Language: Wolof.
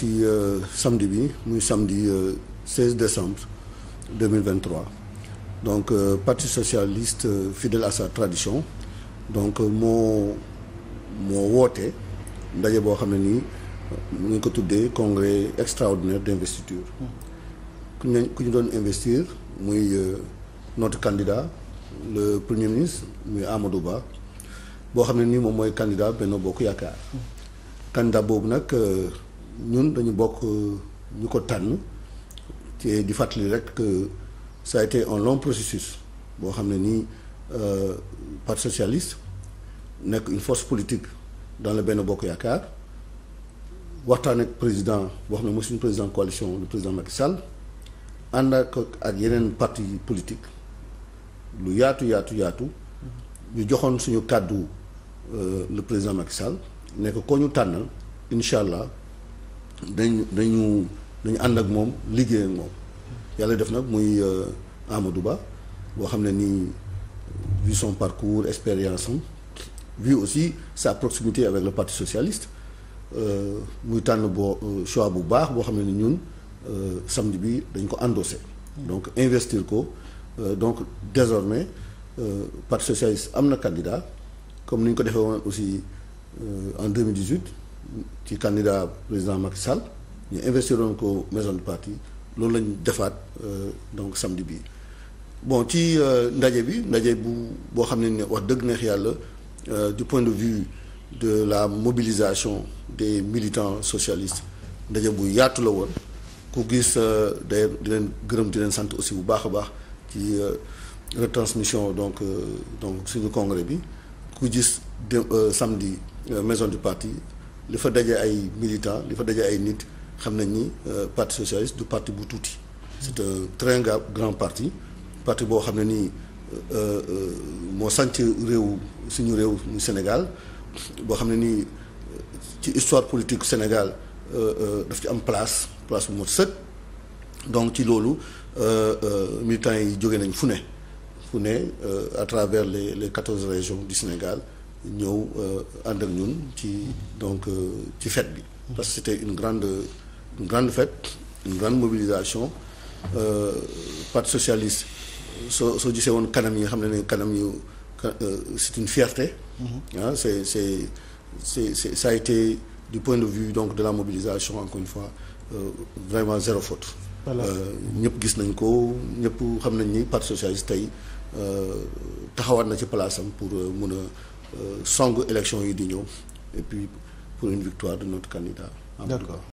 ci euh, samedi bi muy samedi 16 euh, décembre 2023 donc euh, parti socialiste fidèle à sa tradition donc moo moo woote ndaje boo xam ne nii mu ngi ko tuddee congrès extraordinaire d'investiture ku ñu ku ñu doon investir muy notre candidat le premier ministre muy Amadou Ba boo xam ne nii moom mooy candidat Benno Bokk Yaakaar candidat boobu nag ñun dañu bokk euh, ñu ko tànn te di fàttali rek que ça a un long processus boo xam ne nii euh, parti socialiste nekk une force politique dans le Benno Bokk Yaakaar waxtaan ak président boo xam ne mooy suñu président coalition le président Macky Sall ànd ak ak yeneen parti politique lu yaatu yaatu yaatu ñu joxoon suñu kàddu euh, le président Macky Sall nekk ko ñu tànnal incha allah. dañ dañu dañu ànd ak moom liggéey ak moom yàlla def nag muy euh, Amadou Ba boo xam ne ni vu son parcours expérience am vu aussi sa proximité avec le parti socialiste euh, muy tànn boo euh, choix bu baax boo xam ne ni ñun samedi bi dañ ko endossé donc investir ko donc désormais parti socialiste am na candidat comme ni ñu ko defee woon aussi en 2018 ci candidat président Macky Sall ñu investiroon ko maison du parti loolu lañu defaat euh, donc samedi bi bon ci euh, ndaje bi ndaje bu boo xam ne ne wax dëgg neex yàlla euh, du point de vue de la mobilisation des militant socialistes ndaje bu yaatu la woon ku gis day di leen gërëm di leen sant aussi bu baax a baax ci retransmission donc donc suñu congrès bi ku gis samdi maison du parti li fa daje ay militants li fa daje ay nit xam nañ ni euh, parti socialiste du parti bu tuuti. c'est un très grand parti parti boo xam ne nii euh, euh, moo sanc réew suñu réew mu Sénégal boo xam ne nii ci histoire politique Sénégal daf ci am place place bu mot sëkk donc ci loolu militants yi jóge nañ fu ne fu ne à travers les les quatorze régions du Sénégal. ñëw euh, ànd ak ñun ci donc euh, ci fête bi. parce que c'était une grande une grande fête une grande mobilisation euh, parti socialiste soo soo gisee woon kanam yi nga xam ne ne kanam yu c'est une fierté. Mm-hmm. ah c'est c'est c'est c'est ça a du point de vue donc de la mobilisation encore une fois vraiment zéro faute. voilà ñëpp gis nañ ko ñëpp xam nañ ni parti socialiste tey taxawaat na ci place am pour mun a. Euh, song élection yi di ñëw et puis pour une victoire de notre candidat. Amadou Ba